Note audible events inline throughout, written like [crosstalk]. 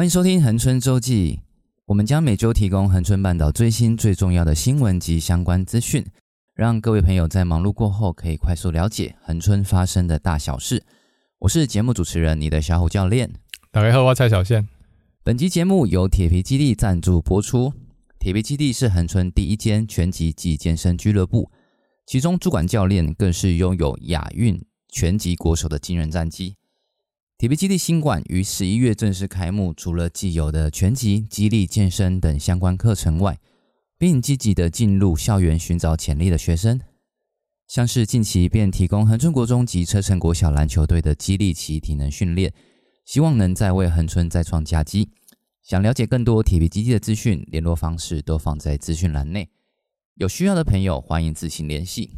歡迎收聽恆春週記，我們將每週提供恆春半島最新最重要的新聞及相關資訊，讓各位朋友在忙碌過後可以快速了解恆春發生的大小事。我是節目主持人，你的小虎教練。大家好，我是蔡小憲。本集節目由鐵皮肌地贊助播出。鐵皮肌地是恆春第一間拳擊及健身俱樂部，其中主管教練更是擁有亞運拳擊國手的驚人戰績。鐵皮肌地新館於十一月正式開幕，除了既有的拳擊、肌力、健身等相關課程外，並積極的進入校園尋找潛力的學生，像是近期便提供恆春國中及車城國小籃球隊的肌力期體能訓練，希望能再為恆春再創佳績。想了解更多鐵皮肌地的資訊，聯絡方式都放在資訊欄內，有需要的朋友歡迎自行聯繫。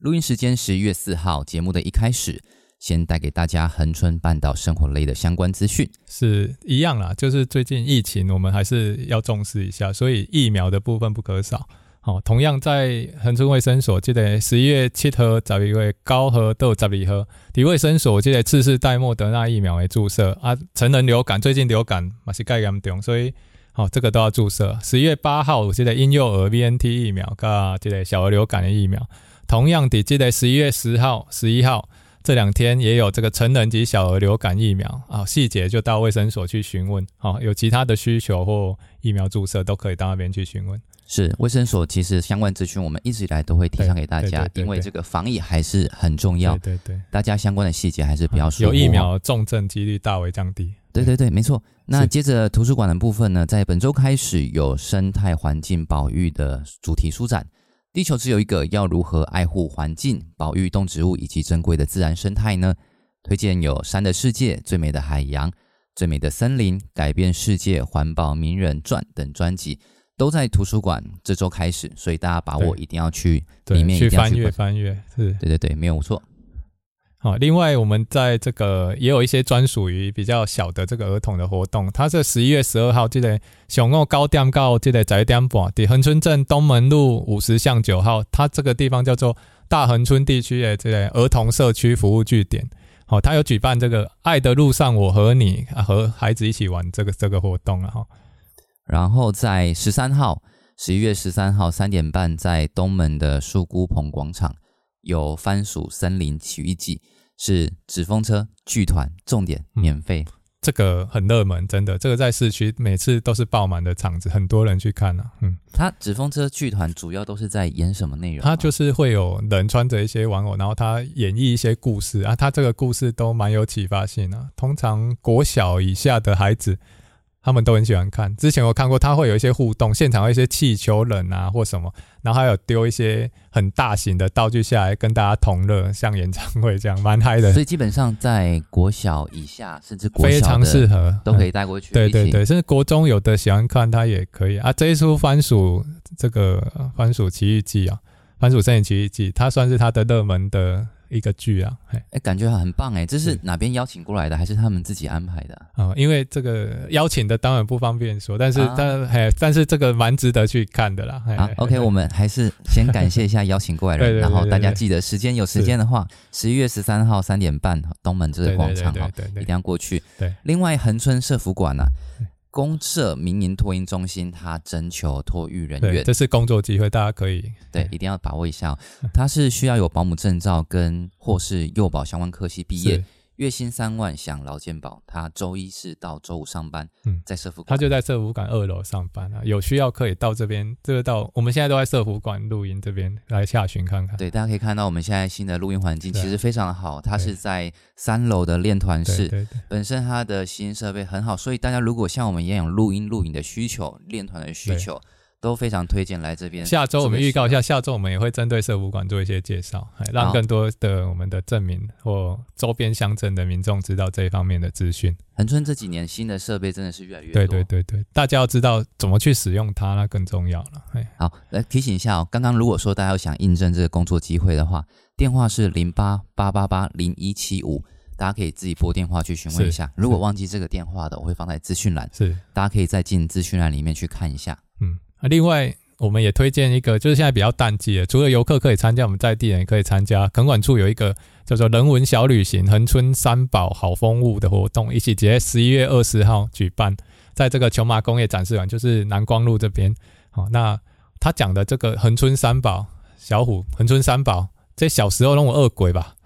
錄音時間十一月四號，節目的一開始。先帶給大家恆春半島生活類的相關資訊，是一樣啦，就是最近疫情，我們還是要重視一下，所以疫苗的部分不可少。好、哦，同樣在恆春衛生所，記得十一月七號、九號、十二號都有，在衛生所記得、這個、次世代莫德納疫苗的注射啊，成人流感最近流感嘛是蓋嚴重，所以好、哦、這個都要注射。十一月八號記得嬰幼兒 BNT 疫苗跟，記得小兒流感的疫苗，同樣的記得十一月十號、十一號。這兩天也有這個成人及小兒流感疫苗啊，細節就到衛生所去詢問。好、啊，有其他的需求或疫苗注射都可以到那邊去詢問。是，衛生所其實相關資訊我們一直以來都會提倡給大家，因為這個防疫還是很重要。對對、對、對，大家相關的細節還是比較、嗯、有疫苗，重症幾率大為降低。對對對、對，沒錯。那接着圖書館的部分呢，在本周開始有生態環境保育的主題書展。地球只有一個，要如何愛護環境、保育動植物以及珍貴的自然生態呢？推薦有《山的世界》《最美的海洋》《最美的森林》《改變世界》《環保名人傳》等專輯，都在圖書館。這周開始，所以大家把握一定要去裡面去翻閱翻閱。是，對對對，沒有錯。好，另外我們在這個也有一些專屬於比較小的這個兒童的活動。它是十一月十二號，記得熊澳高店高，記得宅店博，恆春鎮東門路五十巷九號。它這個地方叫做大恆春地區的這個兒童社區服務據點。好，它有舉辦這個“愛的路上我和你”和孩子一起玩這個這個活動啊。哈，然後在十三號，十一月十三號三點半，在東門的豎孤棚廣場。有《番薯森林奇遇記》，是紙風車劇團，重點免費，嗯。這個很熱門，真的，這個在市區每次都是爆滿的場子，很多人去看呢，啊。嗯，他紙風車劇團主要都是在演什麼內容啊？他就是會有人穿着一些玩偶，然後他演繹一些故事啊。他這個故事都蠻有啟發性的，啊，通常國小以下的孩子。他們都很喜歡看，之前我看過，他會有一些互動，現場有一些氣球人啊或什麼，然後還有丟一些很大型的道具下來跟大家同樂，像演唱會這樣蠻嗨的。所以基本上在國小以下，甚至國中非常適合，嗯，都可以帶過去對對對對的。對對對，甚至國中有的喜歡看他也可以啊。這一出番薯，這個番薯奇遇記啊，番薯森林奇遇記，它算是它的熱門的一個劇啊，哎、欸，感覺很棒哎，這是哪邊邀請過來的，還是他們自己安排的啊、哦？因為這個邀請的當然不方便說，但是、啊、但哎，但是這個蠻值得去看的啦。好、啊啊，OK，我們還是先感謝一下邀請過來人， [laughs] 對對對對對，然後大家記得時間，有時間的話，十一月十三號三點半，東門這個廣場哈，一定要過去。對、對、對、對，另外恆春社福館呢、啊。公設民營托嬰中心，它徵求托育人員對，這是工作機會，大家可以對,對，一定要把握一下。它是需要有保姆證照跟或是幼保相關科系畢業。月薪三萬，享勞健保。他週一是到週五上班，在社福、嗯。他就在社福館二樓上班，啊、有需要可以到這邊，這、就、個、是、到我們現在都在社福館錄音這邊來洽詢看看。對，大家可以看到我們現在新的錄音環境其實非常好，它是在三樓的練團室對對對，對，本身它的新設備很好，所以大家如果像我們一樣有錄音、錄影的需求，練團的需求。都非常推薦來這邊。下周我們預告一下、這個，下周我們也會針對社福館做一些介紹，讓更多的我們的鎮民或周邊鄉鎮的民眾知道這一方面的資訊。恆春這幾年新的設備真的是越來越多。對對對對，大家要知道怎麼去使用它，那更重要了。好，來提醒一下哦，剛剛如果說大家有想應徵這個工作機會的話，電話是零八八八八零一七五，大家可以自己撥電話去詢問一下。如果忘記這個電話的，我會放在資訊欄，是大家可以再進資訊欄裡面去看一下。嗯。另外我們也推薦一個，就是現在比較淡季，除了遊客可以參加，我們在地人也可以參加。墾管處有一個叫做“人文小旅行恆春三寶好風物”的活動，一起節十一月二十號舉辦，在這個瓊麻工業展示館，就是南光路這邊。好，那他講的這個恆春三寶，小虎，恆春三寶，這小時候那種惡鬼吧？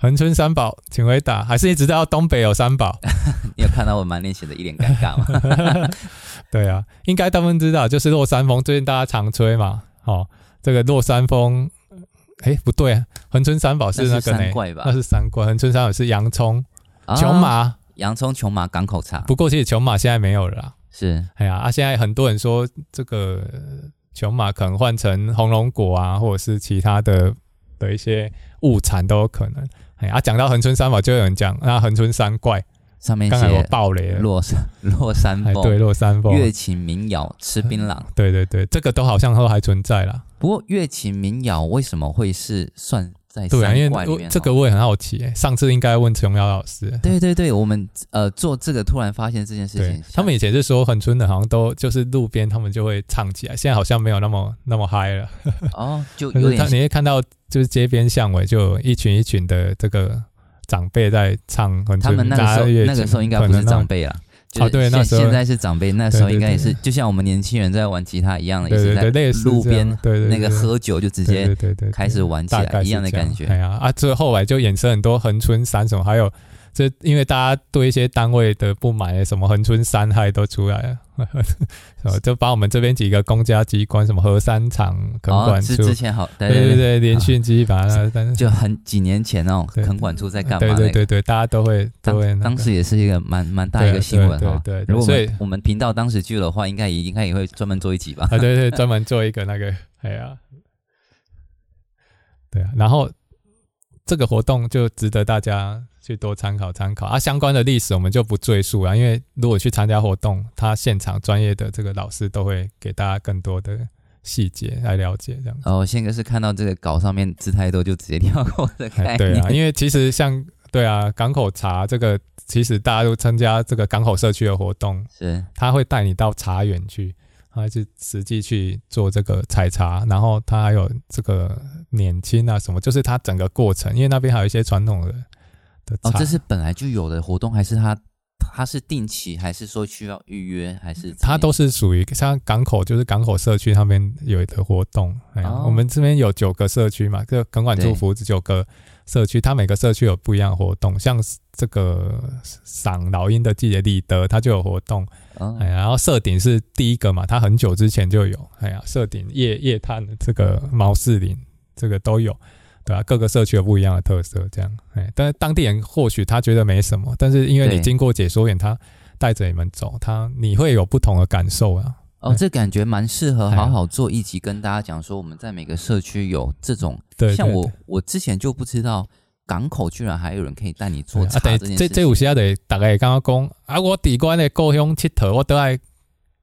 恆春三寶請回答，還是一直到東北有三寶？ [laughs] 你有看到我滿臉寫的 [laughs] 一臉尷尬嗎？ [laughs] [laughs] 對啊，應該他們知道，就是落山風最近大家常吹嘛。哦，這個落山風，哎、欸，不對啊，恆春三寶是那個呢？那是三怪吧？那是三怪。恆春三寶是洋蔥、瓊、啊、麻、洋蔥、瓊麻、港口茶。不過其實瓊麻現在沒有了啦，是。哎呀、啊，啊，現在很多人說這個瓊麻可能換成紅龍果啊，或者是其他的的一些物產都有可能。哎，啊，講到恆春三寶，嘛，就有人講，那恆春三怪，上面剛才有爆雷了，落山落山對，落山風、月 [laughs] 琴、哎、民謠、吃檳榔， [laughs] 對對對，這個都好像都還存在啦，不過月琴民謠為什麼會是算？對，因為這個我也很好奇。上次應該問瓊瑤老師。對對對，我們呃做這個突然發現這件事情。他們以前是說恆春的，好像都就是路邊他們就會唱起來，現在好像沒有那麼那麼嗨了。哦，就有點可他你會看到就是街邊巷尾就有一群一群的這個長輩在唱恆春。他們那個時候那個時候應該不是長輩了。哦、就是啊，對，那現在是長輩，那時候應該也是對對對，就像我們年輕人在玩吉他一樣的，對對對，也是在路邊那個喝酒就直接開始玩起來對對對對對，一樣的感覺。哎呀、啊，啊，這後來就衍生很多恆春三麼，還有這因為大家對一些單位的不滿，什麼恆春三害都出來了。 [laughs] 就把我們這邊幾個公家機關，什麼核三廠、墾管處、哦，是之前好，對對對，聯訊機房，就很幾年前哦，墾管處在幹嘛、那個？對對對對，大家都會，當對、那個、當時也是一個蠻蠻大一個新聞哈。對,對,對,對，如果我們頻道當時去的話，應該也應該也會專門做一集吧。對、啊、對對，專門做一個那個，哎呀，對啊，然後這個活動就值得大家。去多參考參考啊，相關的歷史我們就不贅述了，啊，因為如果去參加活動，他現場專業的這個老師都會給大家更多的細節來了解這樣子。哦，後我現在是看到這個稿上面字太多，就直接跳過的概念，哎。對啊，因為其實像對啊，港口茶這個，其實大家都參加這個港口社區的活動，是他會帶你到茶園去，啊，就實際去做這個採茶，然後他還有這個捻青啊什麼，就是他整個過程，因為那邊還有一些傳統的。哦，這是本來就有的活動，還是他他是定期，還是說需要預約？還是他都是屬於像港口，就是港口社區他們有的活動。哦、哎，我們這邊有九個社區嘛，就墾管處負責這九個社區，它每個社區有不一樣的活動。像這個賞老鷹的季節裡，的它就有活動。嗯、哦哎，然後社頂是第一個嘛，它很久之前就有。哎呀，社頂夜夜探這個毛柿林，這個都有。對各個社區有不一樣的特色，這樣，哎，但是當地人或許他覺得沒什麼，但是因為你經過解說員，他帶着你們走，他你會有不同的感受啊。哦，這感覺蠻適合好好做一集，跟大家講說我們在每個社區有這種，對對對對像我我之前就不知道港口居然還有人可以帶你做茶這。車、啊、這這這有時候得大概剛剛講啊，我底關的高雄鐵頭，我都愛。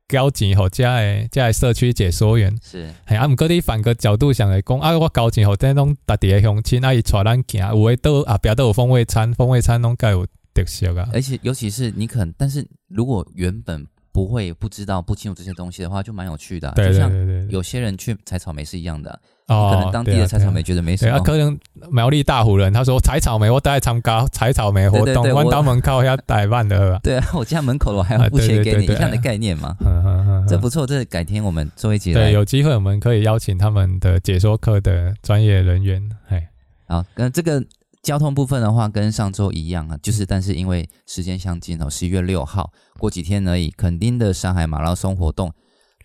交警或誒，即個社區解說員是，哎啊，毋過你反個角度上來講，啊，我交警或者儂達地鄉親，啊，伊帶咱去，有位都啊，後壁，都有風味餐，風味餐攏蓋有特色啊。而且，尤其是你可能，但是如果原本不會、不知道、不清楚這些東西的話，就蠻有趣的，啊。對對對，對，對就像有些人去採草莓是一樣的，啊。哦，可能當地的採草莓、啊啊、覺得沒什麼、啊，可能苗栗大湖人他說採草莓我，我帶他們搞採草莓活動，彎刀門口要下半的，對啊，我家門口我還要付錢給你、啊、對對對對對一樣的概念嘛，嗯嗯嗯，這不錯，這改天我們做一集，對，有機會我們可以邀請他們的解說課的專業人員，嘿，好，那這個交通部分的話，跟上周一樣啊，就是但是因為時間相近哦，十一月六號過幾天而已，墾丁的山海馬拉松活動。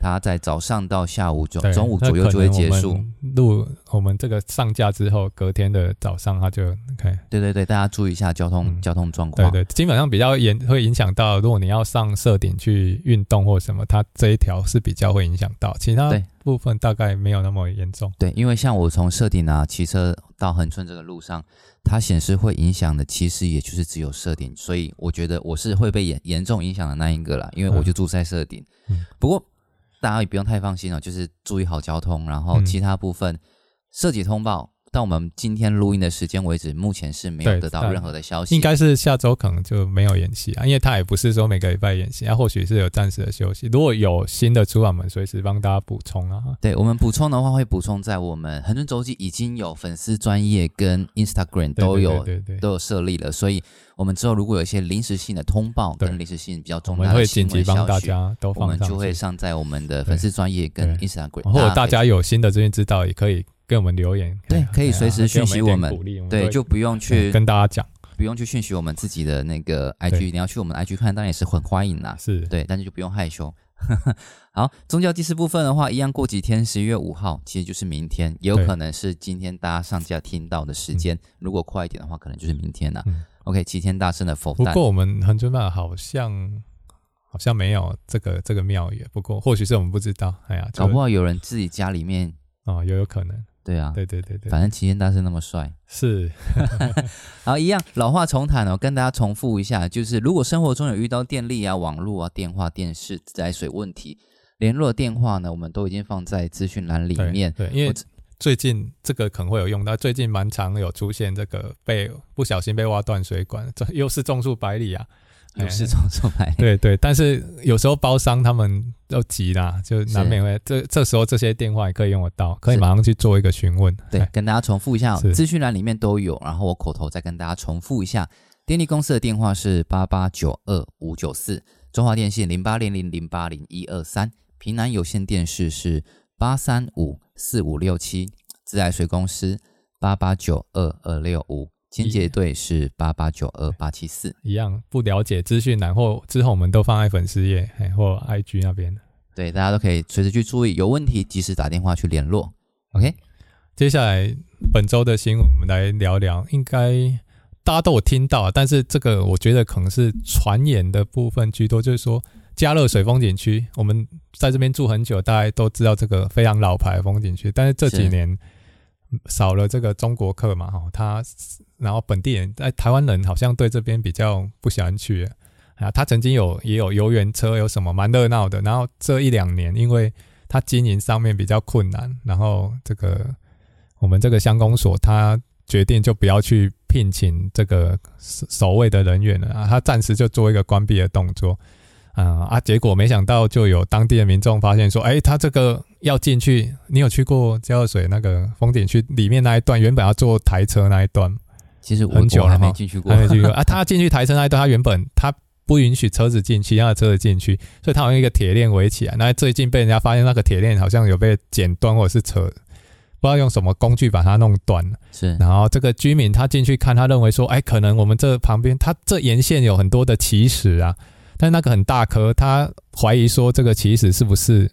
它在早上到下午中，中午左右就會結束。路我，我們這個上架之後，隔天的早上它就對對對，大家注意一下交通、嗯、交通狀況。對，對對，基本上比較嚴，會影響到如果你要上社頂去運動或什麼，它這一條是比較會影響到其他部分，大概沒有那麼嚴重對。對，因為像我從社頂啊騎車到恆春這個路上，它顯示會影響的，其實也就是只有社頂，所以我覺得我是會被嚴嚴重影響的那一個啦，因為我就住在社頂、嗯嗯。不過。大家也不用太放心了、哦，就是注意好交通，然後其他部分、嗯、涉及通報，到我們今天錄音的時間為止，目前是沒有得到任何的消息，應該是下周可能就沒有演習啊，因為他也不是說每個禮拜演習，啊、或許是有暫時的休息，如果有新的出版本隨時幫大家補充啊。對，我們補充的話會補充在我們恆春週記已經有粉絲專頁跟 Instagram 都有對對對對對對都有設立了，所以。我們之後如果有一些臨時性的通報跟臨時性比較重大的新聞消息，我們就會上在我們的粉絲專頁跟 Instagram。或者大家有新的資訊知道，也可以給我們留言。對，可以隨時訊息我們，我們。對，就不用去跟大家講，不用去訊息我們自己的那個 IG，你要去我們的 IG 看，當然也是很歡迎啦。是對，但是就不用害羞。 [laughs] 好，宗教第四部分的話，一樣過幾天，十一月五號，其實就是明天，也有可能是今天大家上架聽到的時間。如果快一點的話，可能就是明天了。嗯 OK，齊天大聖的佛。不過我們恆春那好像好像沒有這個這個廟宇。不過或許是我們不知道，哎呀，搞不好有人自己家裡面哦，有有可能。對啊，對對對對，反正齊天大聖那麼帥，是。 [laughs] [laughs] 好，一樣老話重談，哦，跟大家重複一下，就是如果生活中有遇到電力啊、網絡啊、電話、電視、自來水問題，聯絡電話呢，我們都已經放在資訊欄裡面。對，對因為。最近這個可能會有用到，但最近蠻常有出現這個被不小心被挖斷水管，這又是種樹百里啊，欸、又是種樹百里、欸。對對，但是有時候包商他們都急啦，就難免會這這時候這些電話也可以用得到，可以馬上去做一個詢問、欸。對，跟大家重複一下、喔，資訊欄裡面都有，然後我口頭再跟大家重複一下，電力公司的電話是八八九二五九四，中華電信零八零零零八零一二三，屏南有線電視是。八三五四五六七，自來水公司八八九二二六五，清潔隊是八八九二八七四一樣不了解資訊，然後之後我們都放在粉絲頁，然後 IG 那邊。對，大家都可以隨時去注意，有問題及時打電話去聯絡、嗯。OK，接下來本周的新聞我們來聊聊，應該大家都有聽到，但是這個我覺得可能是傳言的部分居多，就是說。佳樂水風景區，我們在這邊住很久，大家都知道這個非常老牌的風景區。但是這幾年少了這個中國客嘛，哈，他然後本地人、在、哎、台灣人好像對這邊比較不喜歡去啊。他曾經有也有遊園車，有什麼蠻熱鬧的。然後這一兩年，因為他經營上面比較困難，然後這個我們這個鄉公所，他決定就不要去聘請這個守衛的人員了啊，他暫時就做一個關閉的動作。嗯啊，結果沒想到就有當地的民眾發現說，哎、欸，他這個要進去，你有去過佳樂水那個風景區裡面那一段，原本要坐台車那一段，其實很久了沒進去過，還沒進去過 [laughs] 啊。他進去台車那一段，他原本他不允許車子進去，讓車子進去，所以他用一個鐵鏈圍起來。那最近被人家發現，那個鐵鏈好像有被剪斷或者是扯，不知道用什麼工具把它弄斷，是，然後這個居民他進去看，他認為說，哎、欸，可能我們這旁邊，他這沿線有很多的奇石啊。但那個很大顆，他懷疑說這個其實是不是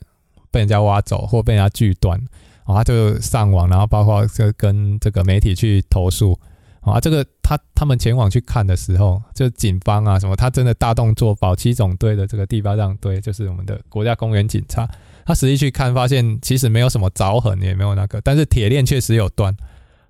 被人家挖走或被人家鋸斷，啊、哦，他就上網，然後包括就跟這個媒體去投訴、哦，啊，這個他他們前往去看的時候，就警方啊什麼，他真的大動作，保七總隊的這個第八仗隊就是我們的國家公園警察，他實際去看發現其實沒有什麼鑿痕，也沒有那個，但是鐵鏈確實有斷，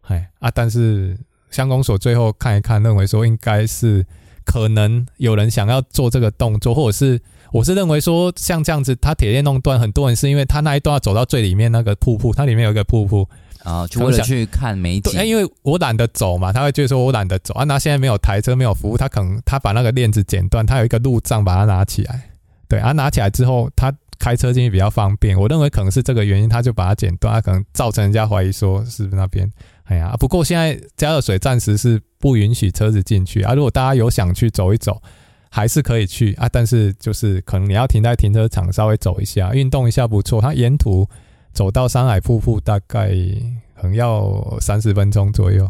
哎啊，但是鄉公所最後看一看，認為說應該是。可能有人想要做這個動作，或者是我是認為說，像這樣子，他鐵鏈弄斷，很多人是因為他那一段要走到最裡面那個瀑布，它裡面有一個瀑布啊，為了想去看美景。對、欸，因為我懶得走嘛，他會覺得說我懶得走啊。那現在沒有台車，沒有服務，他可能他把那個鏈子剪斷，他有一個路障把它拿起來，對啊，拿起來之後他開車進去比較方便。我認為可能是這個原因，他就把它剪斷，他、啊、可能造成人家懷疑說是不是那邊。哎呀，不過現在佳樂水暫時是不允許車子進去啊。如果大家有想去走一走，還是可以去啊。但是就是可能你要停在停車場稍微走一下，運動一下不錯。它沿途走到山海瀑布大概可能要三十分鐘左右，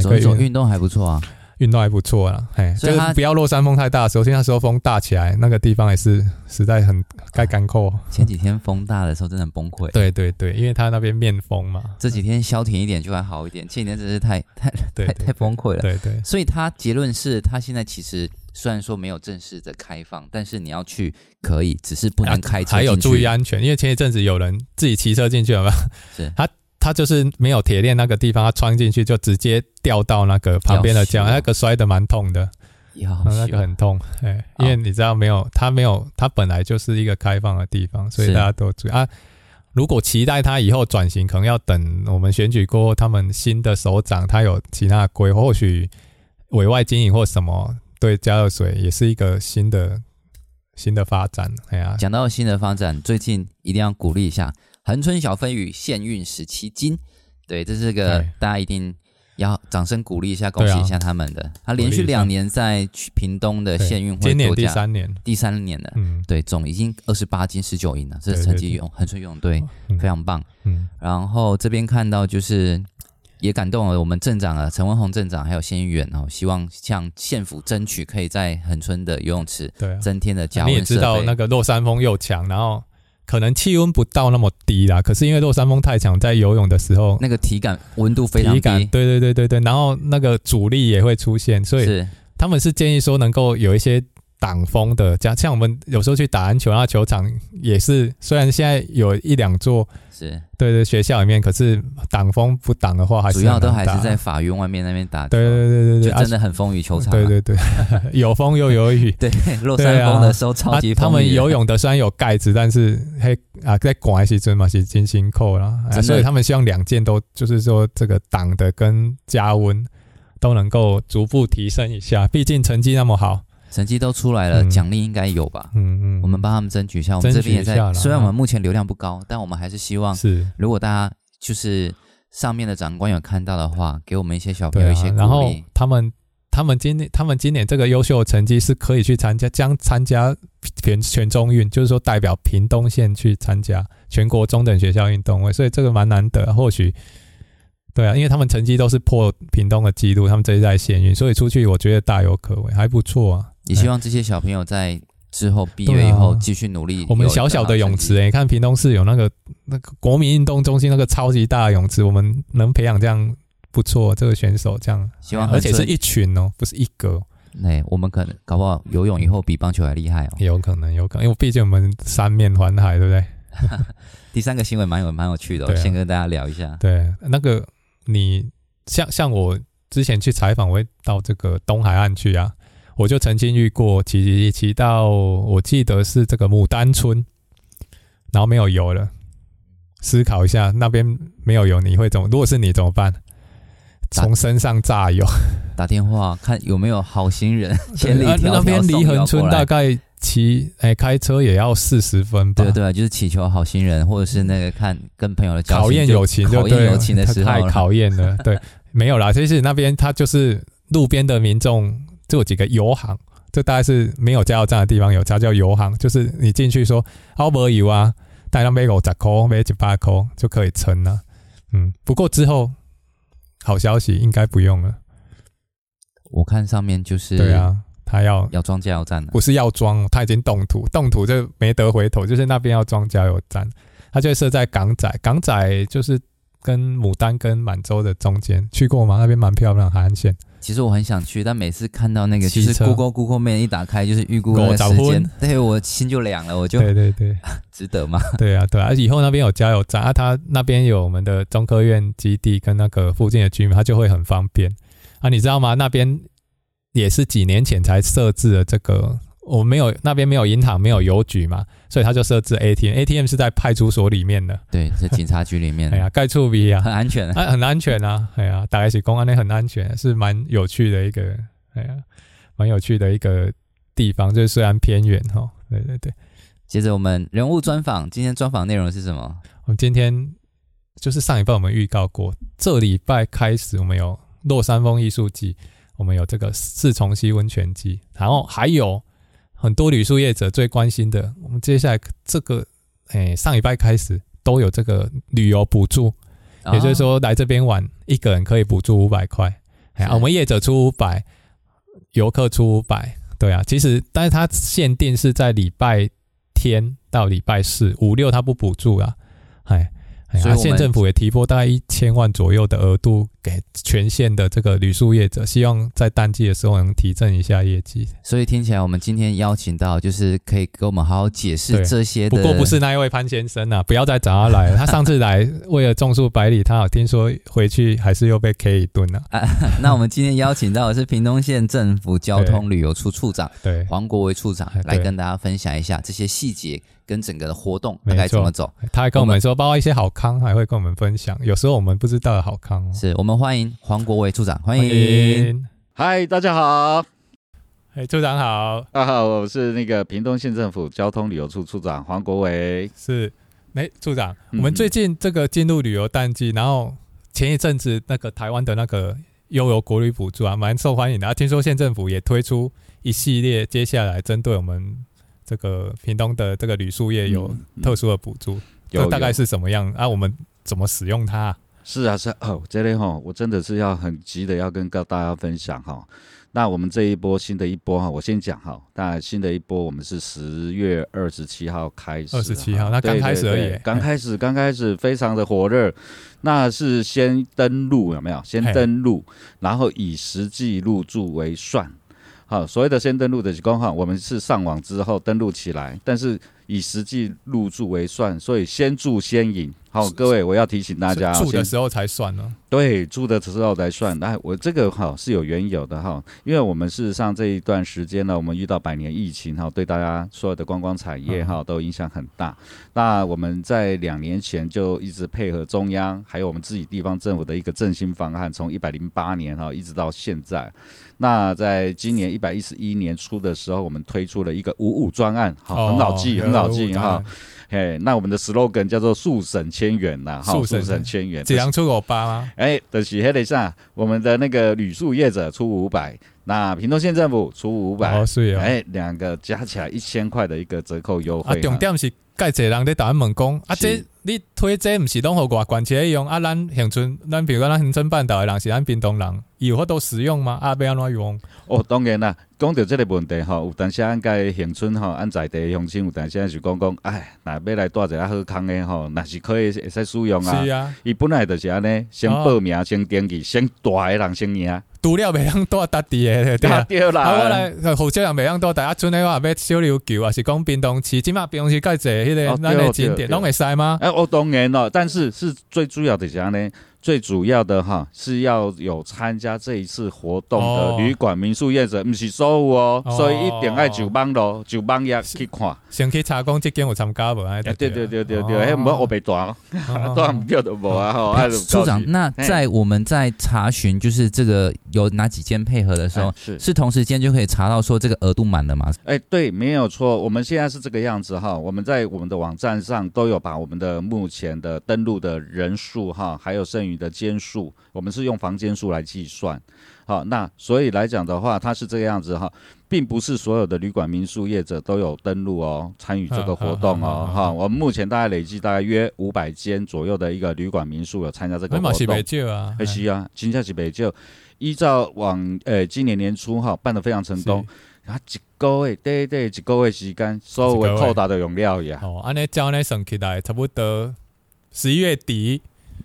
走這種運動還不錯啊。運動還不錯啦，哎，所以不要落山風太大的時候。首先那時候風大起來，那個地方也是實在很蓋干扣。前幾天風大的時候真的很崩潰。對對對，因為他那邊面風嘛，這幾天消停一點就還好一點。前幾天真是太太太對對對，太崩潰了。對，對對，所以他結論是他現在其實雖然說沒有正式的開放，但是你要去可以，只是不能開車，還有注意安全，因為前一陣子有人自己騎車進去了嘛。是他。他就是沒有鐵鏈那個地方，他穿進去就直接掉到那個旁邊的橋，喔啊，那個摔得蠻痛的，喔啊，那個很痛。欸哦，因為你知道，沒有他沒有，他本來就是一個開放的地方，所以大家都注意啊。如果期待他以後轉型，可能要等我們選舉過後，他們新的首長，他有其他的規，或許委外經營或什麼，對，加熱水也是一個新的新的發展。哎呀，啊，講到新的發展，最近一定要鼓勵一下。恆春小飛魚縣運十七金，對，這是個大家一定要掌聲鼓勵一下，恭喜一下他們的。啊、他連續兩年在屏東的縣運會，今年第三年，第三年了。嗯，對，總已經二十八金十九銀了，嗯、這是成績泳恆春游泳隊、嗯、非常棒。嗯，嗯然後這邊看到就是也感動了我們鎮長啊，陳文宏鎮長還有縣議員哦，希望向縣府爭取可以在恆春的游泳池對增添的加溫設備、啊、你也知道那個落山風又強，然後。可能氣溫不到那麼低啦，可是因為落山風太強，在游泳的時候，那個體感溫度非常低。體感，對對對對對，然後那個阻力也會出現，所以是他們是建議說能夠有一些。擋風的，像像我們有時候去打籃球，那球場也是，雖然現在有一兩座是對對學校裡面，可是擋風不擋的話還是，是主要都還是在法院外面那邊打。對對對對對，就真的很風雨球場。啊、對對對，有風又有雨。 [laughs] 對，落山風的時候超級風、啊、他們游泳的雖然有蓋子，但是嘿、那個、啊，在廣西這嘛是真辛苦了，所以他們希望兩件都就是說這個擋的跟加溫都能夠逐步提升一下，畢竟成績那麼好。成績都出來了，嗯，獎勵應該有吧？嗯嗯，我們幫他們爭取，爭取一下。我們這邊也在，雖然我們目前流量不高，啊、但我們還是希望是。如果大家就是上面的長官有看到的話，給我們一些小，有一些鼓勵，啊、然後他們他們今他們今年這個優秀的成績是可以去參加將參加全全中運，就是說代表屏東縣去參加全國中等學校運動會，所以這個蠻難得。或許對啊，因為他們成績都是破屏東的記錄，他們這一代縣運，所以出去我覺得大有可為，還不錯啊。也希望這些小朋友在之後畢業以後繼續努力、啊。我們小小的泳池、欸，你看屏東市有那個那個國民運動中心那個超級大的泳池，我們能培養這樣不錯這個選手，這樣希望。而且是一群哦、喔，不是一個。哎，我們可能搞不好游泳以後比棒球還厲害哦、喔。有可能，有可能，因為畢竟我們三面環海，對不對？ [laughs] 第三個新聞蠻有蠻有趣的、喔，啊、我先跟大家聊一下。對，那個你像像我之前去採訪，我會到這個東海岸去啊。我就曾經遇過騎騎到，我記得是這個牡丹村，然後沒有油了。思考一下，那邊沒有油，你會怎麼？如果是你怎麼辦？從身上榨油，打電話看有沒有好心人。千里迢迢啊、那邊離恆村大概騎哎開車也要四十分吧。對，對對，就是祈求好心人，或者是那個看跟朋友的交情考驗友情就對，對不對？友情的時候考驗了，驗了 [laughs] 對，沒有啦，其實那邊它就是路邊的民眾。這有幾個油行，這大概是沒有加油站的地方有，有家叫油行，就是你進去說 “how about you 啊”，大概買五十塊，買一百塊就可以撐了。嗯，不過之後好消息應該不用了。我看上面就是對啊，它要要裝加油站，不是要裝，它已經動土，動土就沒得回頭，就是那邊要裝加油站，它就會設在港仔，港仔就是跟牡丹跟滿洲的中間，去過嗎？那邊蠻漂亮的海岸線。其實我很想去，但每次看到那個，其實 Google Google Map 一打開就是預估那個時間，對，我心就涼了，我就對對對、啊，值得嗎？對啊，對啊，以後那邊有加油站，啊，他那邊有我們的中科院基地跟那個附近的居民，他就會很方便啊。你知道嗎？那邊也是幾年前才設置了這個。我沒有，那邊沒有銀行沒有郵局嘛，所以他就設置 ATM，ATM ATM 是在派出所裡面的，對，是警察局裡面。哎呀，蓋處比啊，很安全，很安全啊！哎 [laughs] 呀、啊啊啊，大家一起公安的很安全，是蠻有趣的一個，哎呀、啊，蠻有趣的一個地方。就是雖然偏遠哈，對對對。接着我們人物專訪，今天專訪內容是什麼？我們今天就是上禮拜我們預告過，這禮拜開始我們有落山風藝術季，我們有這個四重溪溫泉季，然後還有。很多旅宿業者最關心的，我們接下來這個，哎、欸，上禮拜開始都有這個旅遊補助、哦，也就是說來這邊玩，一個人可以補助五百塊，我們業者出五百，遊客出五百，對啊，其實，但是它限定是在禮拜天到禮拜四，五六它不補助啊，哎、欸，所以縣政府也提撥大概一千萬左右的額度。給全縣的這個旅宿業者，希望在淡季的時候能提振一下業績。所以聽起來，我們今天邀請到就是可以給我們好好解釋這些的。不過不是那一位潘先生啊，不要再找他來了。他上次來為了種樹百里， [laughs] 他好像聽說回去還是又被 K 一頓啊，啊。那我們今天邀請到的是屏東縣政府交通旅遊處處長，對，對黃國維處長，對，來跟大家分享一下這些細節跟整個的活動他該怎麼走。他還跟我們說，我們，包括一些好康，還會跟我們分享。有時候我們不知道的好康、哦，是我們。歡迎黃國維處長，歡迎，嗨，Hi, 大家好，嗨、hey,，處長好，大家好，我是那個屏東縣政府交通旅遊處處長黃國維，是，沒、欸、處長、嗯，我們最近這個進入旅遊淡季，然後前一陣子那個台灣的那個悠遊國旅補助啊，蠻受歡迎的啊，然後聽說縣政府也推出一系列，接下來針對我們這個屏東的這個旅宿業有特殊的補助，有，有有這個、大概是什麼樣啊？我們怎麼使用它？是啊，是哦、啊，oh, 這裡哈，我真的是要很急的要跟跟大家分享哈。那我們這一波新的一波哈，我先講哈。那新的一波我們是十月二十七號開始。二十七號，那剛開始而已，剛開始，剛開始非常的火熱。那是先登錄有沒有？先登錄，然後以實際入住為算。好，所謂的先登錄的是哈，我們是上網之後登錄起來，但是以實際入住為算，所以先住先贏。好，各位，我要提醒大家，住的時候才算呢。對，住的時候才算。那、哎、我這個好是有緣由的哈，因為我們事實上這一段時間呢，我們遇到百年疫情哈，對大家所有的觀光產業哈都影響很大，嗯。那我們在兩年前就一直配合中央，還有我們自己地方政府的一個振興方案，從一百零八年哈一直到現在。那在今年一百一十一年初的時候，我們推出了一個五五專案，哈、哦，很老紀、哦，很老紀哈。嘿、hey，那我們的 slogan 叫做速“速省千元”吶，速省千元，只能出口八嗎？哎、就是，等、欸、下，黑了一下，我們的那個旅宿業者出五百，那屏東縣政府出五百、哦，哎、哦，兩、欸、個加起來一千塊的一個折扣優惠、啊。重點是蓋這人的台案猛工。啊，這。你推這毋是攏互外縣車用啊？咱恆春，咱比如講咱恆春半島誒人是咱屏東人，伊有法度使用嗎？啊，要安怎用？哦，當然啦，講着即個問題吼，有當時咱個恆春吼，咱在地鄉親有當時講講，哎，若要來帶者較好康誒吼，若是可以會使使用啊。是啊，伊本來着是安尼，先報名，先登記，先帶誒人先贏。除了未用多搭地誒，對啊。好多人未用多，大家做那話，別小琉球啊，就是講屏東市，起碼屏東市介濟迄個咱誒景點攏未曬嗎？欸哦，當然了，但是是最主要的，這樣呢。最主要的哈是要有參加這一次活動的旅館民宿業者，唔、哦、是說哦，哦所以一點愛酒邦嘍酒邦也去看，先去查光幾間有參加沒、欸欸哦欸？對對對對對，我被斷咯，都唔曉得無啊。處長，那在我們在查詢就是這個有哪幾間配合的時候，欸、是是同時間就可以查到說這個額度滿了嗎？哎、欸，對，沒有錯，我們現在是這個樣子哈，我們在我們的網站上都有把我們的目前的登錄的人數哈，還有剩餘。你的間數，我們是用房間數來計算。好，那所以來講的話，它是這個樣子哈，並不是所有的旅館民宿業者都有登錄哦，參與這個活動哦。哈，哈，哈，哈哦，我們目前大概累計大概約五百間左右的一個旅館民宿有參加這個活動。哎，是蠻少啊，是啊，真的是蠻少。依照往誒、欸，今年年初哈、哦、辦的非常成功，啊，一個月，對對，一個月時間，所有到達的容量呀。哦，安尼交安尼省期待，差不多十一月底。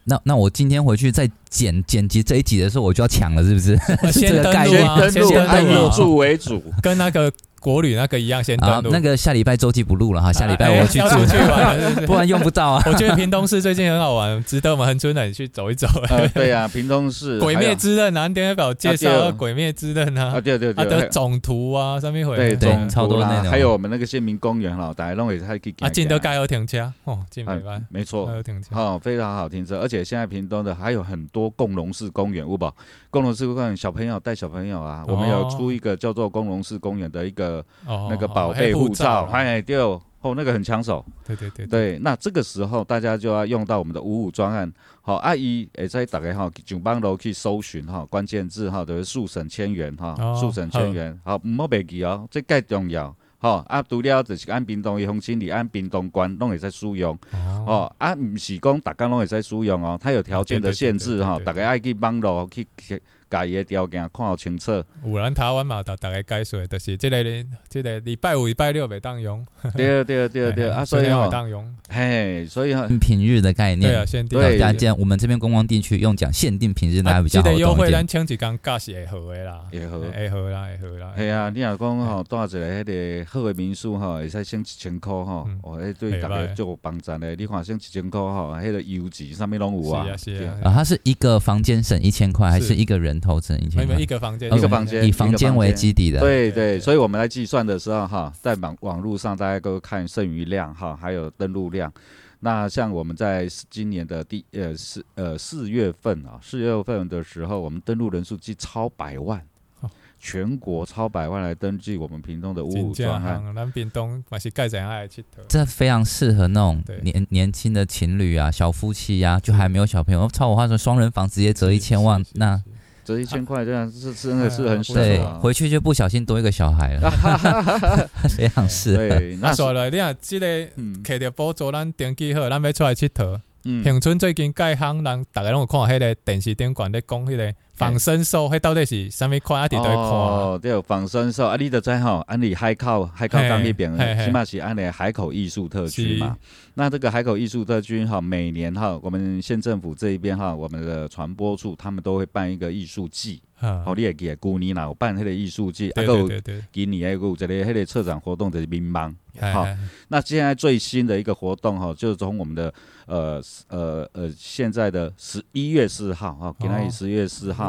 那那我今天回去再。剪剪輯這一集的時候，我就要搶了，是不是？先登錄、啊、先登錄啊，入住為主，跟那個國旅那個一樣先，先登錄。那個下禮拜週期不錄了哈？下禮拜我要去住、啊哎要出去玩是是，不然用不到啊。我覺得屏東市最近很好玩，值得我們很村仔去走一走、呃。對啊，屏東市。鬼滅之刃，南天狗介紹，鬼滅之刃啊。啊，對對對。啊，它的總圖啊，上面會有。對、啊啊、對，超、啊啊、多內容。還有我們那個縣民公園哦，大家弄也是還可以。啊，金德街有停車哦，金德街沒錯，有停車哦，非常好停車，而且現在屏東的還有很多。多共融市公園，共融市公園小朋友帶小朋友啊、哦，我們有出一個叫做共融市公園的一個、哦、那個寶貝護照，哎，對，對、哦，那個很搶手。對對對對，對，那這個時候大家就要用到我們的五五專案。好，阿姨，在再打個號，九八去搜尋哈，關鍵字哈，等於數省千元哈，數省千元，好，唔好白哦，這介、個、重要。好、哦、啊，除了就是按冰凍一從心裡按冰凍關攏會使使用。吼、oh. 哦。啊，毋是講逐工攏會使使用哦，它有條件的限制吼，逐個愛去幫到去。去家己個條件看好清楚。有人台灣嘛，大大概介紹，就是即個咧，即、這個禮拜五、禮拜六袂當用。 [laughs] 對、啊、對對、啊、對，啊，所以袂當用。嘿，所以很、哦、平日的概念。對、啊、限定對，然、啊、然，我們這邊觀光地區用講限定平日來比較好。優、啊、惠兩千幾，剛價是也合啦，也合，也合啦，也合啦。係啊，你若講吼，住一個迄個好個民宿吼，也才省一千塊吼。哦，對，的哦哦嗯哦、對大家做房展咧，你話省一千塊吼、哦，迄、那個優質啥物攏有啊。是啊，是啊，啊，是，啊，是，啊是啊。啊，它是一個房間省一千塊，還是一個人？投資一千元一個房間，一個房間以房間為基底的，對對,對，所以我們來計算的時候哈，在網網絡上大家都看剩餘量哈，還有登錄量。那像我們在今年的第四呃四呃四月份啊，四月份的時候，我們登錄人數是超百萬，全國超百萬來登記我們屏東的物價哈，這非常適合那種年年輕的情侶啊，小夫妻呀、啊，就還沒有小朋友。超我話說，雙人房直接折一千萬，那。這一千塊這樣是、啊、真的是很舒服。對，回去就不小心多一個小孩了、啊。哈哈哈哈 [laughs] 這樣是、啊欸。對，那算、啊、了。你看，即個，嗯，摕着補助咱登記好，咱要出來佚佗。嗯。恆春最近改行，人大家攏有看迄個電視頂管咧講迄個。仿生獸，到底是稍微一點，對、啊？哦，對，仿生獸啊，你都知道，安、啊、里海口，海口港那邊，起碼是安里海口藝術特區嘛。那這個海口藝術特區哈，每年哈，我們縣政府這一邊哈，我們的傳播處他們都會辦一個藝術季，好，你也記得，去年老辦那個藝術季，啊，你對，對，對，對今年還有個一個那個車展活動，就是民嘿嘿好。那現在最新的一個活動哈，就是從我們的呃呃呃，現在的十一月四號啊，今年十一月四號。哦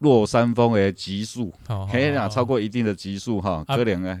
落山風誒，級數，可以啦，超過一定的級數。哈、oh, oh, oh.，可憐誒。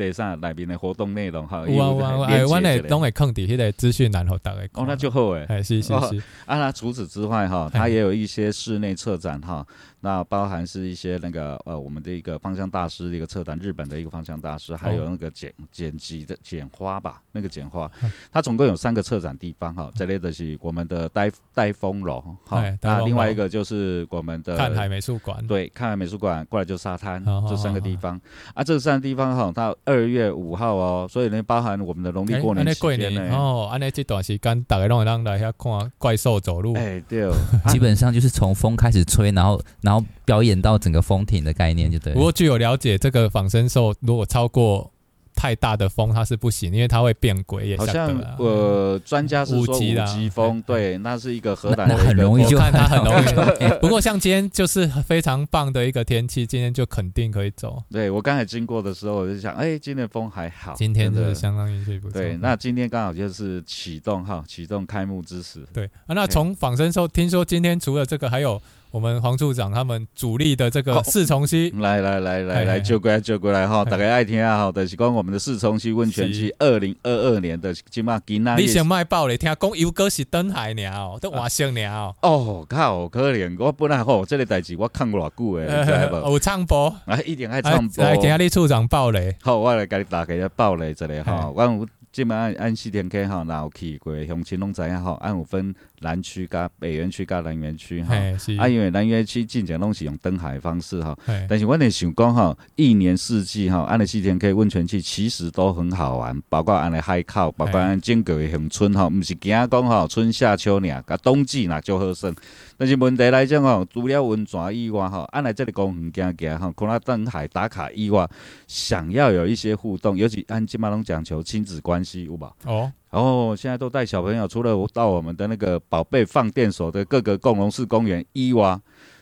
內上內邊的活動內容哈、有啊有啊有啊，我我我我內東會抗地迄個資訊然後大家，講、哦、那就好誒、欸，是是、哦、是。啊，除此之外哈，他也有一些室內策展哈。嗯那包含是一些那個呃，我們的一個方向大師的一個策展，日本的一個方向大師，還有那個剪剪輯的剪花吧，那個剪花、嗯，它總共有三個策展地方哈，在的是我們的待待風樓哈，那、嗯啊、另外一個就是我們的看海美術館，對，看海美術館過來就沙灘、嗯，這三個地方、嗯、啊，這三個地方哈，到二月五號哦，所以呢，包含我們的農曆過年過年呢。哦，那這，這段時間大概讓讓大家看怪獸走路，哎、欸、對、啊，基本上就是從風開始吹，然後。然後表演到整個風停的概念，就對。不過據我了解，這個仿生獸如果超過太大的風，它是不行，因為它會變軌。好像呃，專家是說五級風五級，啊，對，對，那是一個核彈。那很容易，就很容易。容易 [laughs] 不過像今天就是非常棒的一個天氣， [laughs] 今天就肯定可以走。對，我剛才經過的時候，我就想，哎、欸，今天風還好。今天的相當運氣不錯。對，那今天剛好就是啟動哈，啟動開幕之時。對，那從仿生獸聽說，今天除了這個，還有。我們黃處長他們主力的這個四重溪，來來來來來，就過來就過來哈！大家愛聽啊，好的，是關我們的四重溪溫泉季二零二二年的，就是，今馬今娜。你想賣爆雷？聽講有哥是燈海鳥，都哇聲鳥哦，靠可憐！我本來好，哦，這個代誌我看過偌久哎，我唱播，啊，一定愛唱播，來聽下你處長爆雷，好，哦，我來給你打開個爆雷這裡哈，我有。基本按按四重溪吼，若有去過鄉親攏知影啊吼，安有分南區、加北園區、加南園區哈。啊因為南園區進前攏是用燈海方式哈。但是我咧想講哈，一年四季哈，按四重溪溫泉區，其實都很好玩，包括按來海口，包括按經過的鄉村哈，唔是驚講哈春夏秋爾，啊，冬季那就好耍。但是問題來講哦，除了溫泉以外吼、哦，按、啊、來這裡公園行行吼，可能登海打卡以外，想要有一些互動，尤其按今馬龍講求親子關係，有無？哦，然、哦、後現在都帶小朋友，除了到我們的那個寶貝放電所的各個共融式公園以外。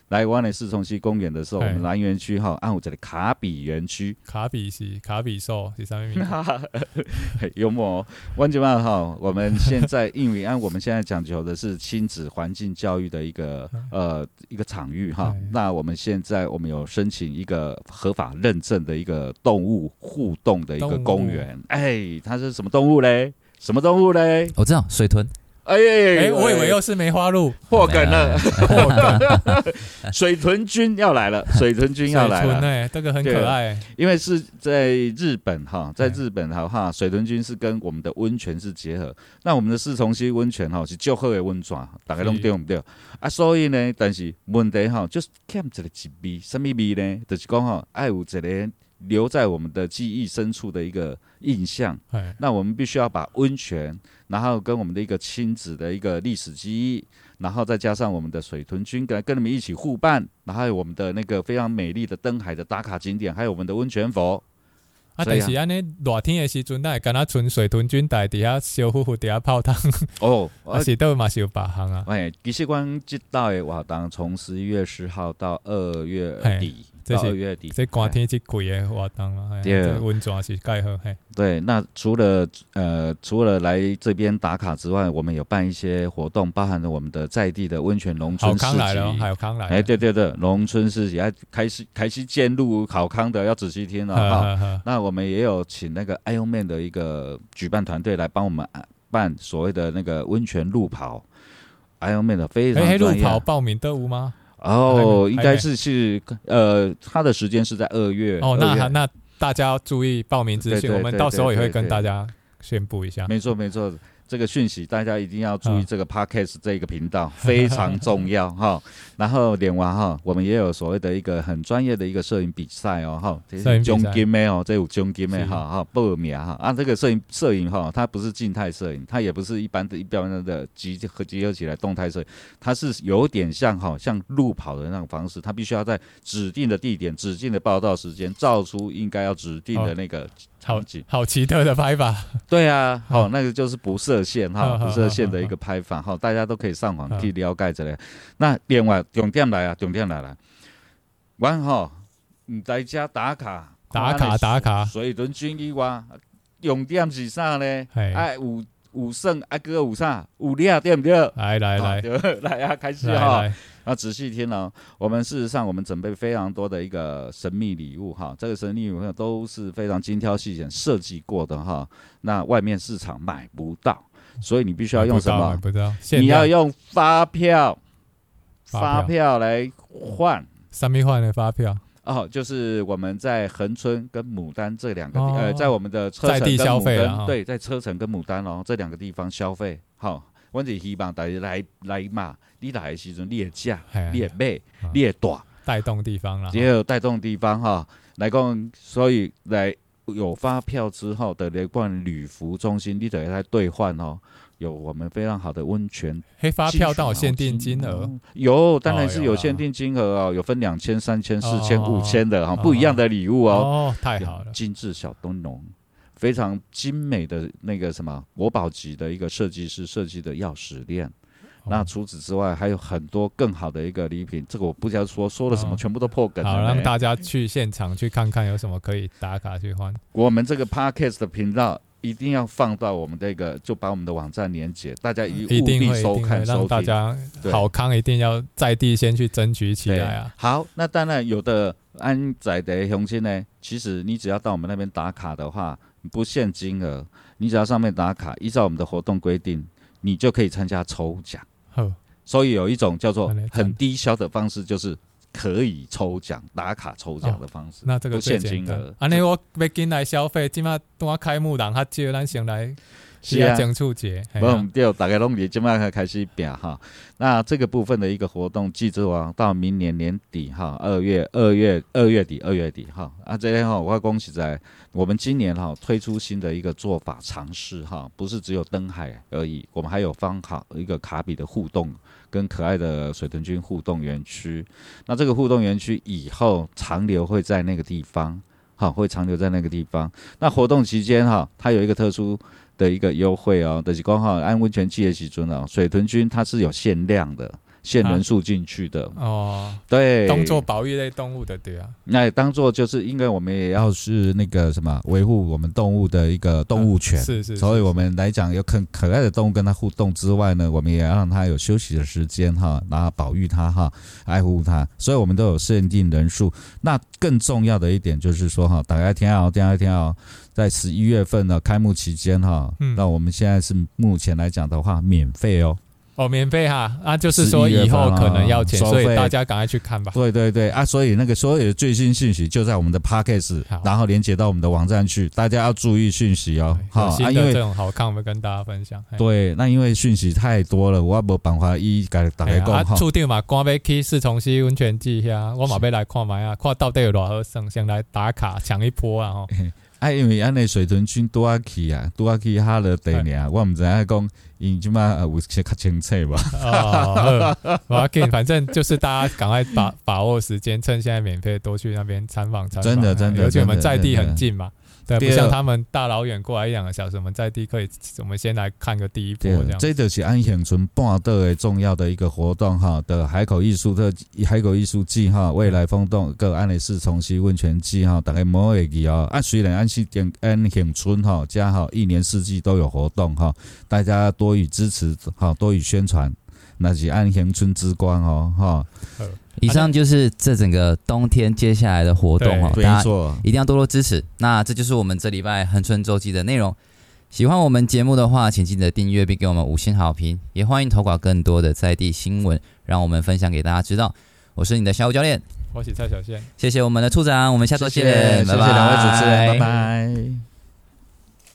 來灣裡四重溪公園的時候，我們南園區哈，按我這裡卡比園區，卡比是卡比獸是三名？ [laughs] [laughs] 幽默，溫姐們哈，我們現在因為 [laughs] 按我們現在講求的是親子環境教育的一個 [laughs] 呃一個場域哈、啊，那我們現在我們有申請一個合法認證的一個動物互動的一個公園，哎，它是什麼動物嘞？什麼動物嘞？我知道，水豚。哎、欸，呀、欸，我以為又是梅花鹿破梗了。了梗 [laughs] 水豚君要來了，水豚君要來了。對、欸，這個很可愛、欸。因為是在日本哈，在日本哈，水豚君是跟我們的溫泉是結合、欸。那我們的四重溪溫泉哈，是就喝的溫泉，大家都對不對？啊，所以呢，但是問題哈，就是欠一個氣味，什麼味呢？就是講哈，愛有一個。留在我們的記憶深處的一個印象。那我們必須要把溫泉，然後跟我們的一個親子的一個歷史記憶，然後再加上我們的水豚君，跟跟你們一起互伴，然後還有我們的那個非常美麗的燈海的打卡景點，還有我們的溫泉佛。啊，但是安尼熱天的時陣，那跟他存水豚君在底下燒呼呼底下泡湯。哦，阿、啊、是都嘛是有白行啊。哎，其實講即道誒，我當從十一月十號到二月底。這是二月底，這刮天氣貴誒，活動嘛，對溫泉是介好嘿。對，那除了呃除了來這邊打卡之外，我們有辦一些活動，包含了我們的在地的溫泉、農村市集、好康還有康來了。哎，對，對對對，農村市集也開始開始進入好康的，要仔細聽了哦。那我們也有請那個 Iron Man 的一個舉辦團隊來幫我們辦所謂的那個溫泉路跑，Iron Man 的非常專業，路跑報名得唔嗎？然、oh, 後應該是是呃，他的時間是在二月。哦，那好，那大家要注意報名資訊，對對對對對對對對，我們到時候也會跟大家宣布一下。對對對對對，沒錯，沒錯。這個訊息大家一定要注意，這個 Podcast、哦、這個頻道非常重要哈、 [laughs] 哦。然後，點完哈，我們也有所謂的一個很專業的一個攝影比賽哦哈，這是獎金的哦，這有獎金的哈、哦、哈、哦、報名哈啊，啊，這個攝影攝影哈、哦，它不是靜態攝影，它也不是一般的一般的的集合集合起來動態攝影，它是有點像哈、哦，像路跑的那種方式，它必須要在指定的地點、指定的報道時間，照出應該要指定的那個、哦。好奇，好奇特的拍法。對啊，好、哦，那個就是不設限哈、哦哦，不設限的一個拍法。好、哦哦，大家都可以上網去了解這裡、哦、那另外，重點來了，重點來了。玩哈，你在家打卡，打卡，打卡。所、啊、以，人均一萬，用電子上呢？哎，五、啊。五聖阿哥五煞五六啊，對不對？來來來、啊，來啊，開始哈、喔。那仔細聽了，我們事實上我們準備非常多的一個神秘禮物哈、喔，這個神秘禮物都是非常精挑細選設計過的哈、喔。那外面市場買不到，所以你必須要用什麼？你要用發票，發票，發票來換，神秘換的發票。哦，就是我們在恆春跟牡丹這兩個地、哦、呃，在我們的車城消費、啊、對，在車城跟牡丹哦這兩個地方消費。好、哦，我只希望大家來來嘛，你來的時候你、啊，你也加、啊，你也買，你也多，帶動地方啦、啊，也有帶動地方哈、啊。來共，所以來有發票之後的那逛旅服中心，你等要來兌換哦。有我們非常好的溫泉，黑發票到限定金額有、哦哦哦哦，當然是有限定金額哦，哦，哦，有、啊、有分兩千、三千、四千、五千的，哈、哦哦哦，不一樣的禮物哦，哦，哦，哦。太好了，哦、精致小燈籠，非常精美的那個什麼國寶級的一個設計師設計的鑰匙鏈。哦、那除此之外還有很多更好的一個禮品，哦、這個我不知道說說了什麼，全部都破梗、哦哎。好，讓大家去現場去看看有什麼可以打卡去換。嗯嗯、我們這個 Podcast 的頻道。一定要放到我們這個，就把我們的網站連接，大家一定必收看，嗯，一定一定收，讓大家好康。一定要在地先去爭取起來啊！好，那當然有的安仔的雄心呢，其實你只要到我們那邊打卡的話，不限金額，你只要上面打卡，依照我們的活動規定，你就可以參加抽獎。好，所以有一種叫做很低消的方式，就是。可以抽獎、打卡抽獎的方式、哦，那這個最簡單的，現金的。我要進來消費，等我開幕先來。是啊，薑醋節，不用們就打開錄音機，慢 [laughs] 慢開始表哈。那這個部分的一個活動，記住啊，到明年年底哈，二月二月二月底二月底哈，啊這邊哈，我要恭喜在我們今年哈推出新的一個做法嘗試哈，不是只有燈海而已，我們還有放好一個卡比的互動，跟可愛的水豚君互動園區。那這個互動園區以後長留會在那個地方哈，會長留在那個地方。那活動期間哈，它有一個特殊。的一個優惠哦，但是剛好按溫泉季節集中哦，水豚君它是有限量的，限人數進去的哦。對，當做保育類動物的，對啊。那當做就是，因為我們也要是那個什麼，維護我們動物的一個動物權，是是。所以我們來講，有可可愛的動物跟它互動之外呢，我們也要讓它有休息的時間哈，然後保育它哈，愛護它。所以我們都有限定人數。那更重要的一點就是說哈，打開天啊，哦，打開天啊。在十一月份的開幕期間哈、哦，那、嗯、我們現在是目前來講的話，免費哦。哦，免費哈、啊，那、啊、就是說以,以後可能要錢，啊啊、所以大家趕快去看吧。對對對啊，所以那個所有的最新信息就在我們的 Podcast，然後連接到我們的網站去，大家要注意訊息哦。好，因、哦、有這種好看，我們跟大家分享。啊、對，那因為訊息太多了，我也沒辦法一一給打開勾注定嘛，光杯 K 四重溪溫泉季下，我馬要來看麥啊，看到底有多少省，先來打卡搶一波啊！哦 [laughs] 啊，因為安尼水屯村多啊去啊，多啊去哈了地呢、哎，我毋知影講，因啊，有會先較清楚吧。阿、哦、奇，好 [laughs] 反正就是大家趕快把把握時間，趁現在免費多去那邊參訪參訪，真的、啊、真的，而且我們在地很近嘛。對，不像他們大老遠過來一兩個小時，我們在地可以，我們先來看個第一波這，這就是恆春半島的重要的一個活動哈，的海口藝術特海口藝術季哈，未來風洞各安內四重溪溫泉季哈，大概每一個啊，雖然安溪安村哈，這一年四季都有活動哈，大家多予支持哈，多予宣傳，那是恆春之光哦哈。以上就是這整個冬天接下來的活動哦，大家一定要多多支持。那這就是我們這禮拜恆春周記的內容。喜歡我們節目的話，請記得訂閱並給我們五星好評，也歡迎投稿更多的在地新聞，讓我們分享給大家知道。我是你的小虎教練，恭喜蔡小憲，謝謝我們的處長，我們下周見，謝謝兩位主持人，拜拜。謝謝。